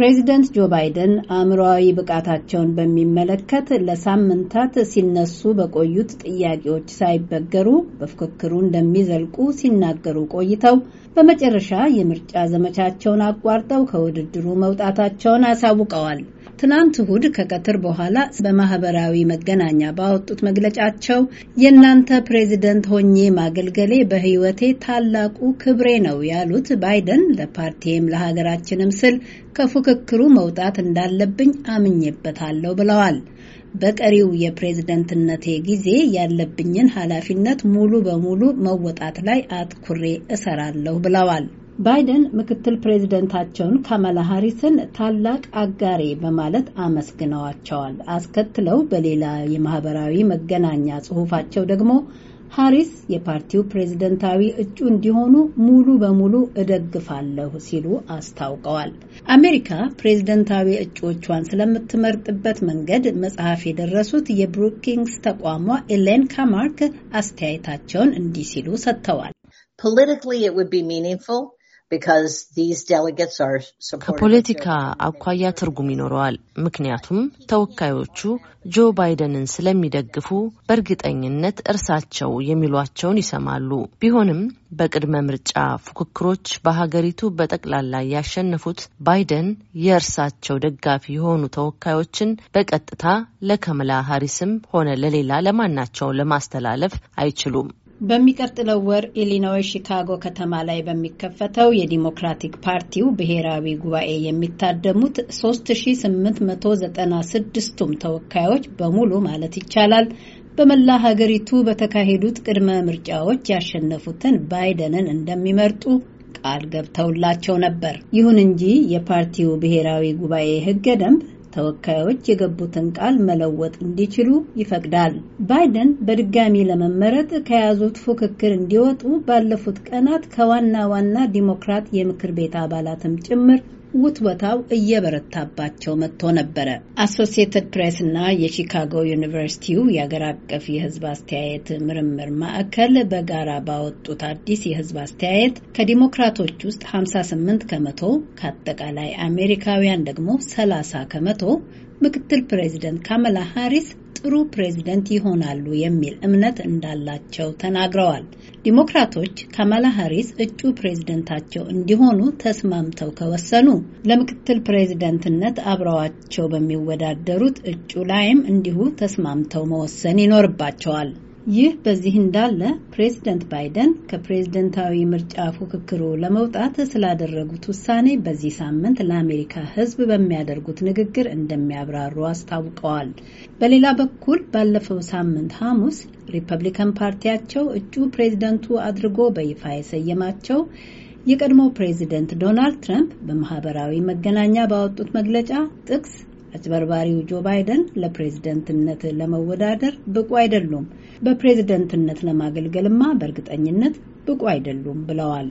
ፕሬዚደንት ጆ ባይደን አእምሮዊ ብቃታቸውን በሚመለከት ለሳምንታት ሲነሱ በቆዩት ጥያቄዎች ሳይበገሩ በፍክክሩ እንደሚዘልቁ ሲናገሩ ቆይተው በመጨረሻ የምርጫ ዘመቻቸውን አቋርጠው ከውድድሩ መውጣታቸውን አሳውቀዋል። ትናንት እሁድ ከቀትር በኋላ በማህበራዊ መገናኛ ባወጡት መግለጫቸው የእናንተ ፕሬዚደንት ሆኜ ማገልገሌ በሕይወቴ ታላቁ ክብሬ ነው ያሉት ባይደን ለፓርቲም ለሀገራችንም ስል ከፉክክሩ መውጣት እንዳለብኝ አምኜበታለሁ ብለዋል። በቀሪው የፕሬዝደንትነቴ ጊዜ ያለብኝን ኃላፊነት ሙሉ በሙሉ መወጣት ላይ አትኩሬ እሰራለሁ ብለዋል። ባይደን ምክትል ፕሬዚደንታቸውን ካማላ ሃሪስን ታላቅ አጋሬ በማለት አመስግነዋቸዋል። አስከትለው በሌላ የማህበራዊ መገናኛ ጽሑፋቸው ደግሞ ሃሪስ የፓርቲው ፕሬዝደንታዊ እጩ እንዲሆኑ ሙሉ በሙሉ እደግፋለሁ ሲሉ አስታውቀዋል። አሜሪካ ፕሬዝደንታዊ እጩዎቿን ስለምትመርጥበት መንገድ መጽሐፍ የደረሱት የብሩኪንግስ ተቋሟ ኤሌን ካማርክ አስተያየታቸውን እንዲህ ሲሉ ሰጥተዋል። Politically, it would be meaningful. ከፖለቲካ አኳያ ትርጉም ይኖረዋል። ምክንያቱም ተወካዮቹ ጆ ባይደንን ስለሚደግፉ በእርግጠኝነት እርሳቸው የሚሏቸውን ይሰማሉ። ቢሆንም በቅድመ ምርጫ ፉክክሮች በሀገሪቱ በጠቅላላ ያሸነፉት ባይደን የእርሳቸው ደጋፊ የሆኑ ተወካዮችን በቀጥታ ለከምላ ሀሪስም ሆነ ለሌላ ለማናቸው ለማስተላለፍ አይችሉም። በሚቀጥለው ወር ኢሊኖይ ሺካጎ ከተማ ላይ በሚከፈተው የዲሞክራቲክ ፓርቲው ብሔራዊ ጉባኤ የሚታደሙት 3896ቱም ተወካዮች በሙሉ ማለት ይቻላል በመላ ሀገሪቱ በተካሄዱት ቅድመ ምርጫዎች ያሸነፉትን ባይደንን እንደሚመርጡ ቃል ገብተውላቸው ነበር። ይሁን እንጂ የፓርቲው ብሔራዊ ጉባኤ ህገ ደንብ ተወካዮች የገቡትን ቃል መለወጥ እንዲችሉ ይፈቅዳል። ባይደን በድጋሚ ለመመረጥ ከያዙት ፉክክር እንዲወጡ ባለፉት ቀናት ከዋና ዋና ዲሞክራት የምክር ቤት አባላትም ጭምር ውትወታው እየበረታባቸው መጥቶ ነበረ። አሶሲየትድ ፕሬስ እና የቺካጎ ዩኒቨርሲቲው የአገር አቀፍ የህዝብ አስተያየት ምርምር ማዕከል በጋራ ባወጡት አዲስ የህዝብ አስተያየት ከዲሞክራቶች ውስጥ 58 ከመቶ ከአጠቃላይ አሜሪካውያን ደግሞ 30 ከመቶ ምክትል ፕሬዚደንት ካመላ ሃሪስ ጥሩ ፕሬዝደንት ይሆናሉ የሚል እምነት እንዳላቸው ተናግረዋል። ዲሞክራቶች ካማላ ሃሪስ እጩ ፕሬዝደንታቸው እንዲሆኑ ተስማምተው ከወሰኑ ለምክትል ፕሬዝደንትነት አብረዋቸው በሚወዳደሩት እጩ ላይም እንዲሁ ተስማምተው መወሰን ይኖርባቸዋል። ይህ በዚህ እንዳለ ፕሬዚደንት ባይደን ከፕሬዝደንታዊ ምርጫ ፉክክሩ ለመውጣት ስላደረጉት ውሳኔ በዚህ ሳምንት ለአሜሪካ ሕዝብ በሚያደርጉት ንግግር እንደሚያብራሩ አስታውቀዋል። በሌላ በኩል ባለፈው ሳምንት ሐሙስ ሪፐብሊካን ፓርቲያቸው እጩ ፕሬዝደንቱ አድርጎ በይፋ የሰየማቸው የቀድሞ ፕሬዚደንት ዶናልድ ትራምፕ በማህበራዊ መገናኛ ባወጡት መግለጫ ጥቅስ አጭበርባሪው ጆ ባይደን ለፕሬዝደንትነት ለመወዳደር ብቁ አይደሉም፣ በፕሬዝደንትነት ለማገልገልማ በእርግጠኝነት ብቁ አይደሉም ብለዋል።